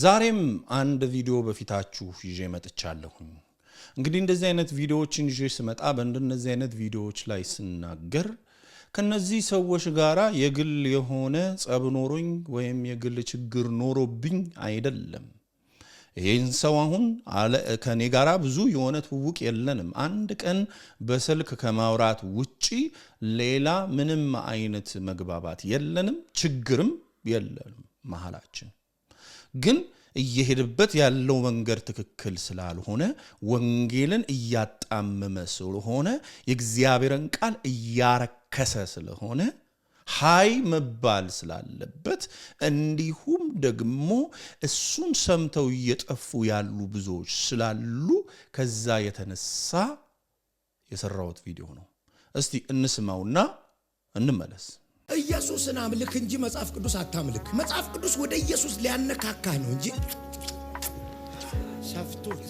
ዛሬም አንድ ቪዲዮ በፊታችሁ ይዤ መጥቻለሁኝ። እንግዲህ እንደዚህ አይነት ቪዲዮዎችን ይዤ ስመጣ በእንደነዚህ አይነት ቪዲዮዎች ላይ ስናገር ከነዚህ ሰዎች ጋራ የግል የሆነ ጸብ ኖሮኝ ወይም የግል ችግር ኖሮብኝ አይደለም። ይህን ሰው አሁን ከኔ ጋራ ብዙ የሆነ ትውውቅ የለንም። አንድ ቀን በስልክ ከማውራት ውጪ ሌላ ምንም አይነት መግባባት የለንም፣ ችግርም የለንም መሀላችን ግን እየሄድበት ያለው መንገድ ትክክል ስላልሆነ ወንጌልን እያጣመመ ስለሆነ የእግዚአብሔርን ቃል እያረከሰ ስለሆነ ሀይ መባል ስላለበት እንዲሁም ደግሞ እሱን ሰምተው እየጠፉ ያሉ ብዙዎች ስላሉ ከዛ የተነሳ የሰራሁት ቪዲዮ ነው። እስቲ እንስማውና እንመለስ። ኢየሱስን አምልክ እንጂ መጽሐፍ ቅዱስ አታምልክ። መጽሐፍ ቅዱስ ወደ ኢየሱስ ሊያነካካ ነው እንጂ ሸፍቶት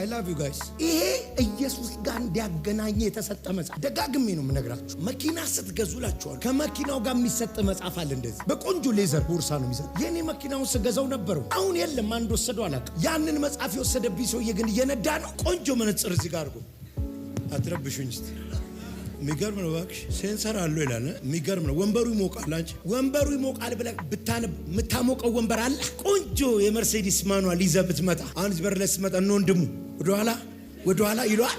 አይ ላቭ ዩ ጋይስ። ይሄ ኢየሱስ ጋር እንዲያገናኘ የተሰጠ መጽሐፍ፣ ደጋግሜ ነው የምነግራችሁ። መኪና ስትገዙ ላችኋል፣ ከመኪናው ጋር የሚሰጥ መጽሐፍ አለ። እንደዚህ በቆንጆ ሌዘር ቦርሳ ነው የሚሰጥ። የእኔ መኪናውን ስገዛው ነበረው፣ አሁን የለም፣ አንድ ወሰደው አላውቅም። ያንን መጽሐፍ የወሰደብኝ ሰውዬ ግን እየነዳ ነው። ቆንጆ መነጽር እዚህ ጋር አድርጎ አትረብሹኝ እስቲ የሚገርም ነው እባክሽ። ሴንሰር አለው ይላል። የሚገርም ነው። ወንበሩ ይሞቃል። አንቺ ወንበሩ ይሞቃል ብለህ ብታነብ የምታሞቀው ወንበር አለ። ቆንጆ የመርሴዲስ ማኗል ይዘህ ብትመጣ፣ አንድ በር ላይ ስትመጣ እነ ወንድሙ ወደኋላ ወደኋላ ይሏል።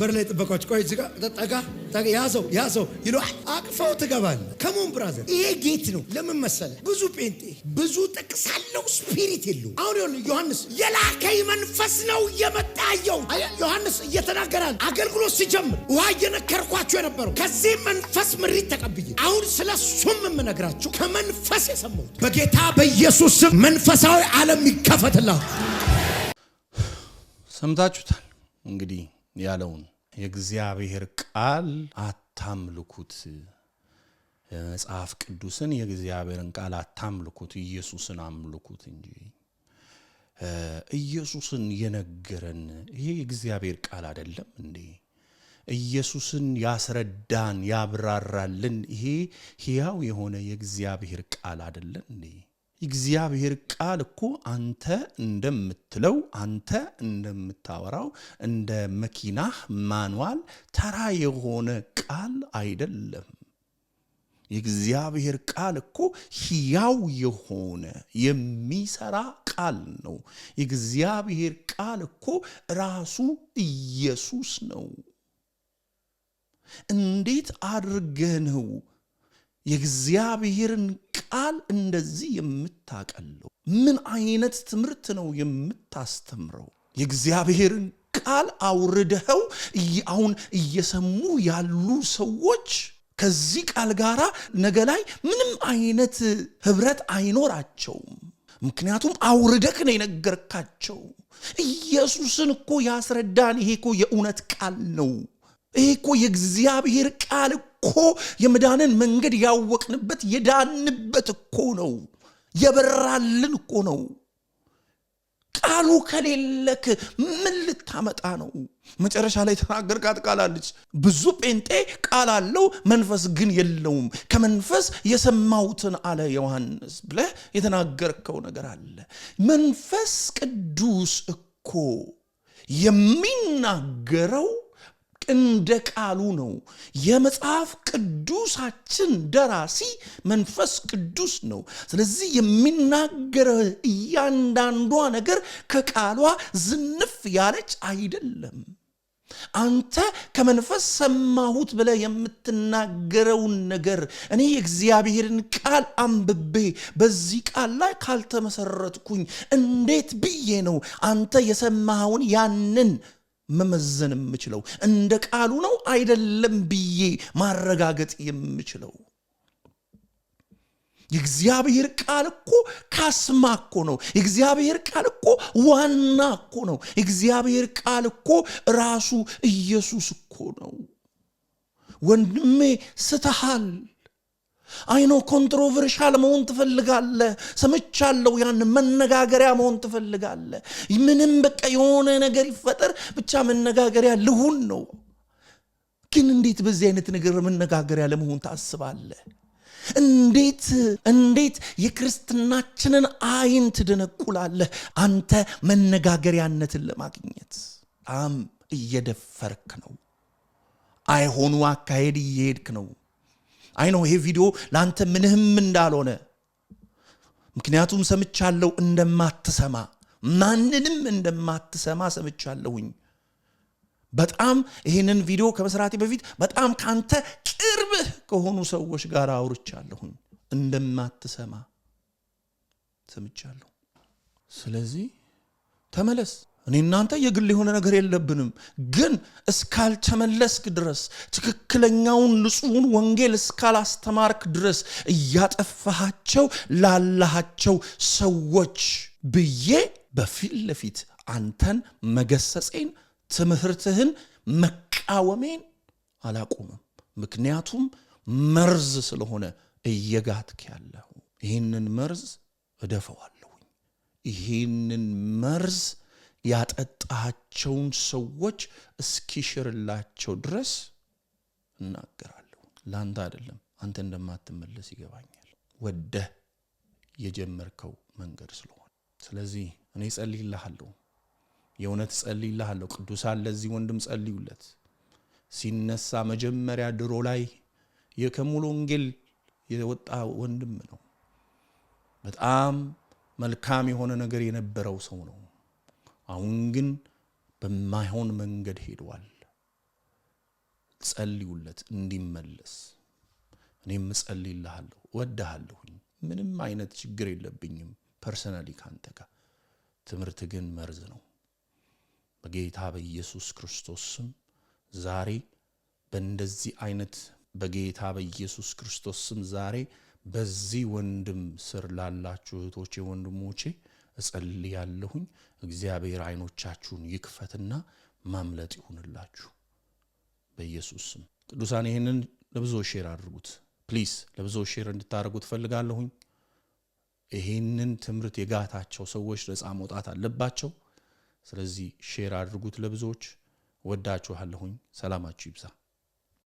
በር ላይ ጥበቃዎች ቆይ ጠጋ ያ ሰው ያ ሰው ይሎ አቅፈው ትገባል። ከሞን ብራዘር ይሄ ጌት ነው። ለምን መሰለ ብዙ ጴንጤ ብዙ ጥቅስ አለው ስፒሪት የለው። አሁን ሆ ዮሐንስ የላከኝ መንፈስ ነው እየመጣ ያየው ዮሐንስ እየተናገራል። አገልግሎት ሲጀምር ውሃ እየነከርኳቸው የነበረው ከዚህ መንፈስ ምሪት ተቀብዬ አሁን ስለ እሱም የምነግራችሁ ከመንፈስ የሰማሁት በጌታ በኢየሱስ ስም መንፈሳዊ ዓለም ይከፈትላል። ሰምታችሁታል እንግዲህ ያለውን የእግዚአብሔር ቃል አታምልኩት፣ መጽሐፍ ቅዱስን የእግዚአብሔርን ቃል አታምልኩት፣ ኢየሱስን አምልኩት እንጂ ኢየሱስን የነገረን ይሄ የእግዚአብሔር ቃል አይደለም እንዴ? ኢየሱስን ያስረዳን ያብራራልን ይሄ ሕያው የሆነ የእግዚአብሔር ቃል አይደለም እንዴ? እግዚአብሔር ቃል እኮ አንተ እንደምትለው አንተ እንደምታወራው እንደ መኪናህ ማንዋል ተራ የሆነ ቃል አይደለም። የእግዚአብሔር ቃል እኮ ሕያው የሆነ የሚሰራ ቃል ነው። የእግዚአብሔር ቃል እኮ ራሱ ኢየሱስ ነው። እንዴት አድርገህ ነው የእግዚአብሔርን ቃል እንደዚህ የምታቀለው ምን አይነት ትምህርት ነው የምታስተምረው? የእግዚአብሔርን ቃል አውርደኸው አሁን እየሰሙ ያሉ ሰዎች ከዚህ ቃል ጋር ነገ ላይ ምንም አይነት ህብረት አይኖራቸውም። ምክንያቱም አውርደክ ነው የነገርካቸው። ኢየሱስን እኮ ያስረዳን። ይሄ እኮ የእውነት ቃል ነው። ይሄ እኮ የእግዚአብሔር ቃል እኮ የመዳንን መንገድ ያወቅንበት የዳንበት እኮ ነው። የበራልን እኮ ነው። ቃሉ ከሌለክ ምን ልታመጣ ነው? መጨረሻ ላይ ተናገር ቃላለች ብዙ ጴንጤ ቃል አለው መንፈስ ግን የለውም። ከመንፈስ የሰማሁትን አለ ዮሐንስ ብለህ የተናገርከው ነገር አለ። መንፈስ ቅዱስ እኮ የሚናገረው እንደ ቃሉ ነው። የመጽሐፍ ቅዱሳችን ደራሲ መንፈስ ቅዱስ ነው። ስለዚህ የሚናገረ እያንዳንዷ ነገር ከቃሏ ዝንፍ ያለች አይደለም። አንተ ከመንፈስ ሰማሁት ብለህ የምትናገረውን ነገር እኔ የእግዚአብሔርን ቃል አንብቤ በዚህ ቃል ላይ ካልተመሰረትኩኝ እንዴት ብዬ ነው አንተ የሰማኸውን ያንን መመዘን የምችለው እንደ ቃሉ ነው አይደለም ብዬ ማረጋገጥ የምችለው የእግዚአብሔር ቃል እኮ ካስማ እኮ ነው። የእግዚአብሔር ቃል እኮ ዋና እኮ ነው። የእግዚአብሔር ቃል እኮ ራሱ ኢየሱስ እኮ ነው። ወንድሜ ስተሃል አይኖ ኮንትሮቨርሻል መሆን ትፈልጋለህ። ሰምቻለሁ። ያን መነጋገሪያ መሆን ትፈልጋለህ። ምንም በቃ የሆነ ነገር ይፈጠር ብቻ መነጋገሪያ ልሁን ነው። ግን እንዴት በዚህ አይነት ነገር መነጋገሪያ ለመሆን ታስባለህ? እንዴት እንዴት የክርስትናችንን አይን ትደነቁላለህ? አንተ መነጋገሪያነትን ለማግኘት በጣም እየደፈርክ ነው። አይሆኑ አካሄድ እየሄድክ ነው። አይ ነው ይሄ ቪዲዮ ለአንተ ምንህም እንዳልሆነ ምክንያቱም ሰምቻለሁ እንደማትሰማ ማንንም እንደማትሰማ ሰምቻለሁኝ። በጣም ይህንን ቪዲዮ ከመስራቴ በፊት በጣም ካንተ ቅርብህ ከሆኑ ሰዎች ጋር አውርቻለሁኝ። እንደማትሰማ ሰምቻለሁ። ስለዚህ ተመለስ። እኔ እናንተ የግል የሆነ ነገር የለብንም። ግን እስካልተመለስክ ድረስ ትክክለኛውን ንጹሑን ወንጌል እስካላስተማርክ ድረስ እያጠፋሃቸው ላላሃቸው ሰዎች ብዬ በፊት ለፊት አንተን መገሰጼን ትምህርትህን መቃወሜን አላቆምም። ምክንያቱም መርዝ ስለሆነ እየጋትክ ያለሁ። ይህንን መርዝ እደፈዋለሁኝ። ይህንን መርዝ ያጠጣቸውን ሰዎች እስኪሽርላቸው ድረስ እናገራለሁ። ለአንተ አይደለም፣ አንተ እንደማትመለስ ይገባኛል፣ ወደህ የጀመርከው መንገድ ስለሆነ። ስለዚህ እኔ ጸልይልሃለሁ፣ የእውነት ጸልይልሃለሁ። ቅዱሳን ለዚህ ወንድም ጸልዩለት። ሲነሳ መጀመሪያ ድሮ ላይ የከሙሉ ወንጌል የወጣ ወንድም ነው። በጣም መልካም የሆነ ነገር የነበረው ሰው ነው። አሁን ግን በማይሆን መንገድ ሄዷል። ጸልዩለት እንዲመለስ። እኔም እጸልይልሃለሁ፣ እወድሃለሁኝ። ምንም አይነት ችግር የለብኝም ፐርሰናሊ ካንተ ጋር። ትምህርት ግን መርዝ ነው። በጌታ በኢየሱስ ክርስቶስ ስም ዛሬ በእንደዚህ አይነት በጌታ በኢየሱስ ክርስቶስ ስም ዛሬ በዚህ ወንድም ስር ላላችሁ እህቶቼ ወንድሞቼ እጸልያለሁኝ። እግዚአብሔር አይኖቻችሁን ይክፈትና ማምለጥ ይሁንላችሁ በኢየሱስ ስም። ቅዱሳን ይህንን ለብዙ ሼር አድርጉት ፕሊስ፣ ለብዙ ሼር እንድታደርጉ ትፈልጋለሁኝ። ይህንን ትምህርት የጋታቸው ሰዎች ነፃ መውጣት አለባቸው። ስለዚህ ሼር አድርጉት ለብዙዎች። ወዳችኋለሁኝ። ሰላማችሁ ይብዛ።